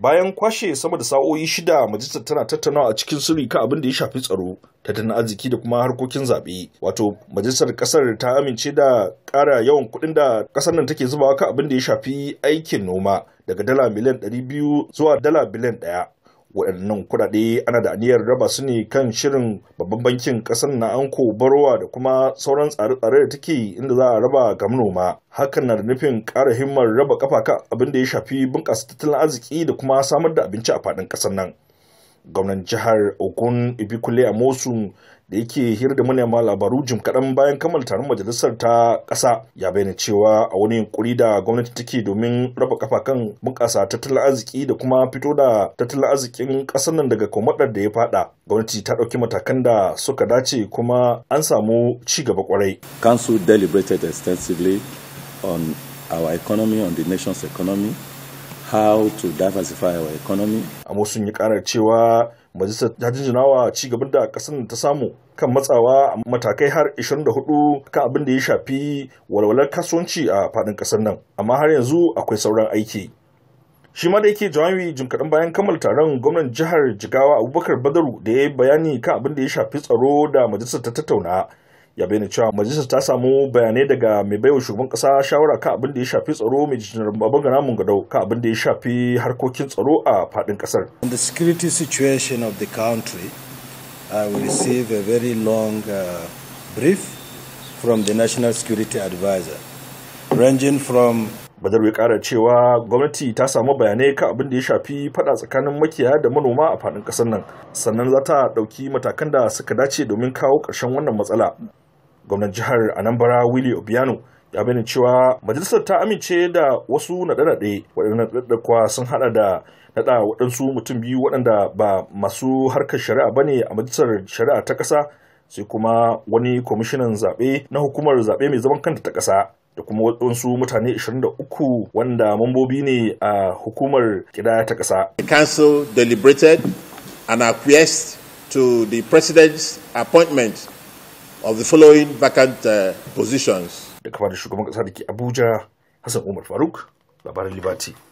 bayan kwashe sama da sa'o'i shida majalisar tana tattaunawa a cikin sirri kan abin da ya shafi tsaro tattalin arziki da kuma harkokin zaɓe wato majalisar ƙasar ta amince da ƙara yawan kuɗin da ƙasar nan take zubawa kan abin da ya shafi aikin noma daga dala miliyan 200 zuwa dala biliyan ɗaya waɗannan kuɗaɗe ana da aniyar raba su ne kan shirin babban bankin ƙasar na anko barowa da kuma sauran tsare-tsare da take inda za a raba ga manoma hakan na da nufin kara himmar raba kafa kan abin da ya shafi bunƙasa tattalin arziki da kuma samar da abinci a faɗin ƙasar nan gwamnan jihar ogun ibikule mosun da yake hira da manema labaru jim kaɗan bayan kammala taron majalisar ta ƙasa ya bayyana cewa a wani yunkuri da gwamnati take domin raba kafa kan bunƙasa tattalin arziki da kuma fito da tattalin arzikin ƙasar nan daga komadar da ya faɗa gwamnati ta ɗauki matakan da suka dace kuma an samu ci gaba kwarai. council deliberated extensively on our economy on the nation's economy how to diversify our economy. Amma sun yi ƙarar cewa majalisar ta jinjinawa ci gaban da kasar ta samu kan matsawa a matakai har 24 kan abin da ya shafi walwalar kasuwanci a fadin kasar nan amma har yanzu akwai sauran aiki shi ma da yake jawabi jim kaɗan bayan kammala taron gwamnan jihar jigawa abubakar badaru da ya yi bayani kan abin da ya shafi tsaro da majalisar ta tattauna ya bayyana cewa majalisar ta samu bayanai daga mai baiwa shugaban kasa shawara ka abin da ya shafi tsaro mai gana mun gado ka abin da ya shafi harkokin tsaro a fadin kasar. On the security situation of the country, I will receive a very long uh, brief from the National Security Advisor, ranging from Badar ya kara cewa gwamnati ta samu bayanai kan abin da ya shafi fada tsakanin makiyaya da manoma a faɗin kasar nan sannan za ta ɗauki matakan da suka dace domin kawo ƙarshen wannan matsala gwamnan jihar anambra willie obiano ya bayyana cewa majalisar ta amince da wasu naɗe-naɗe waɗannan kuwa sun haɗa da naɗa waɗansu mutum biyu waɗanda ba masu harkar shari'a ba ne a majalisar shari'a ta ƙasa sai kuma wani kwamishinan zaɓe na hukumar zaɓe mai zaman kanta ta ƙasa da kuma waɗansu mutane 23 wanda mambobi ne a hukumar kida ta ƙasa. The council deliberated and acquiesced to the president's appointment of the following vacant uh, positions. Abuja Hassan Umar